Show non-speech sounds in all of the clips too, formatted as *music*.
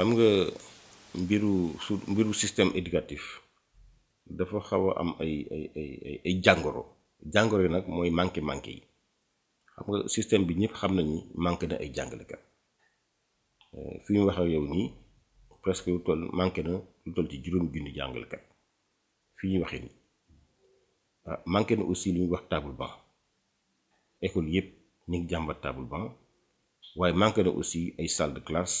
xam nga mbiru su mbiru système éducatif dafa xaw a am ay ay ay jàngoro jàngoro yi nag mooy manqué manqué yi xam nga système bi ñëpp xam nañu manqué na ay jàngalekat euh, fi ñu wax ak yow nii presque lu toll manqué na lu toll ci juróom junni jàngalekat fi ñuy waxee nii ah manqué na aussi lu ñuy wax table banc école yëpp ñu ngi jàmbat table waaye manqué na aussi ay salle de classe.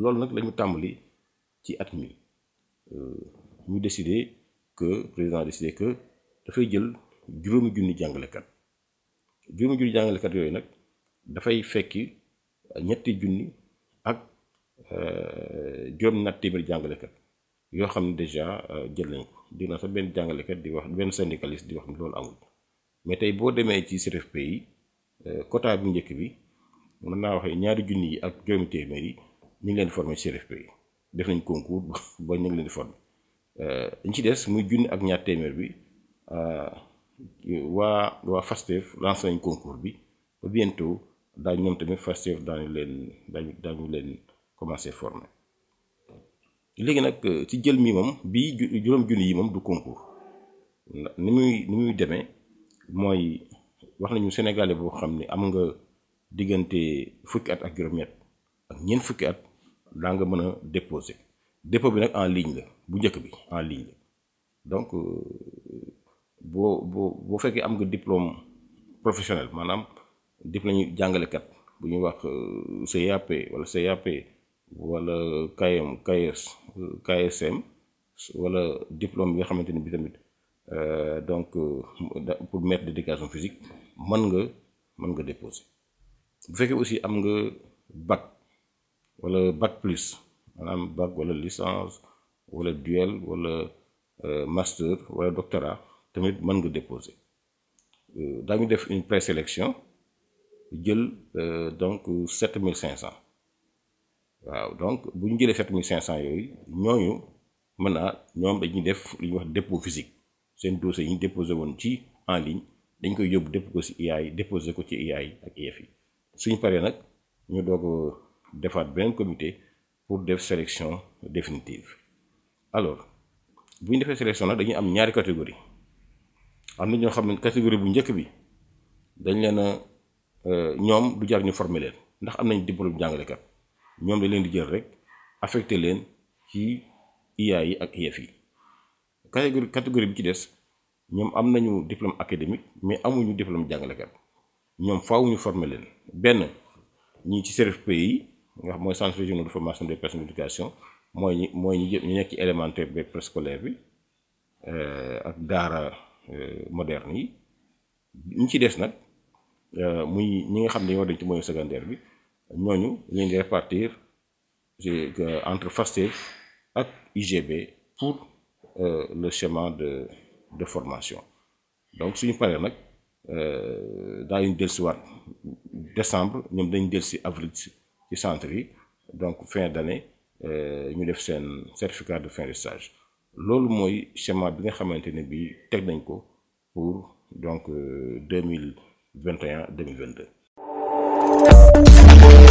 loolu nag lañu tàmbali ci at mi euh, ñu décidé que président décidé que dafay jël juróomi junni jàngalekat juróomi junni jàngalekat yooyu nag dafay fekki ñetti junni ak euh, juróom-ñaar téeméeri jàngalekat yoo xam ne déjà euh, jël nañ ko dégg naa sax benn jàngalekat di wax benn syndicaliste di wax ni loolu amul mais tey boo demee ci CRFP yi quota bu njëkk bi mën naa waxee ñaari junni yi ak juróomi téeméer yi. ñu ngi leen former CRFP yi def nañ concours ba ñu ngi leen di former ñu *laughs* euh, ci dess muy junni ak ñaar téeméer bi euh, waa wa FASTEF lancé nañ concours bi ba bientôt da ñom tamit FASTEF daañu leen daañu daañu leen commencer former légui nak euh, ci jël mi mom bi juroom junni yi mom du concours ni muy ni muy démé moy wax nañu sénégalais boo xamni am nga digënté fukki at ak juróom-ñett ak ñeen fukki at daa nga mën déposer dépôt bi nak en ligne la bu njëkk bi en ligne la donc euh, bo bo boo fekkee am nga diplôme professionnel manam diplôme ñu kat bu ñu wax euh, CAP wala CAP wala KM KS euh, KSM wala diplôme bi nga xamante bi tamit euh donc pour maître d'éducation physique man nga man nga déposer bu fekkee aussi am nga bac wala bac plus manam bac wala licence wala duel wala euh, master wala doctorat tamit man nga déposer euh, dañu def une présélection jël euh, donc 7500 waaw donc bu ñu jëlee 7500 mille cinq cent yooyu ñooñu mën naa ñoom dañuy def li ñuy wax dépôt physique seen dossier yi ñu déposé woon ci en ligne dañ koy yóbbu dépp ko ci IAI déposé ko ci IAI ak IEF yi suñ paree nag ñu doog defaat beneen comité pour def sélection définitive alors bu ñu defee sélection nag dañuy am ñaari catégorie am na ñoo xam ne catégorie bu njëkk bi dañ leen a euh, ñoom du jar ñu former leen ndax am nañ diplôme jàngalekat ñoom dañ leen di jël rek affecté leen ci IA yi ak yi catégorie catégorie bi ci des ñoom am nañu diplôme académique mais amuñu diplôme jàngalekat ñoom faaw ñu former leen benn ñi ci CRFP nga xam centre régional de formation des personnes d'éducation mooy ñi ñu nekk élémentaire bi préscolaire bi euh ak daara euh, moderne yi ñi ci dess nak euh muy ñi nga xam ne ñoo dem ci moyen secondaire bi ñooñu leen di répartir entre FASTEF ak IGB pour euh, le schéma de de formation donc suñu nak euh daañu une décembre ñom dañu dellusi avril du donc fin d'année euh, certificat de fin de stage lolu moy je bi nga pour donc 2021 euh, 2022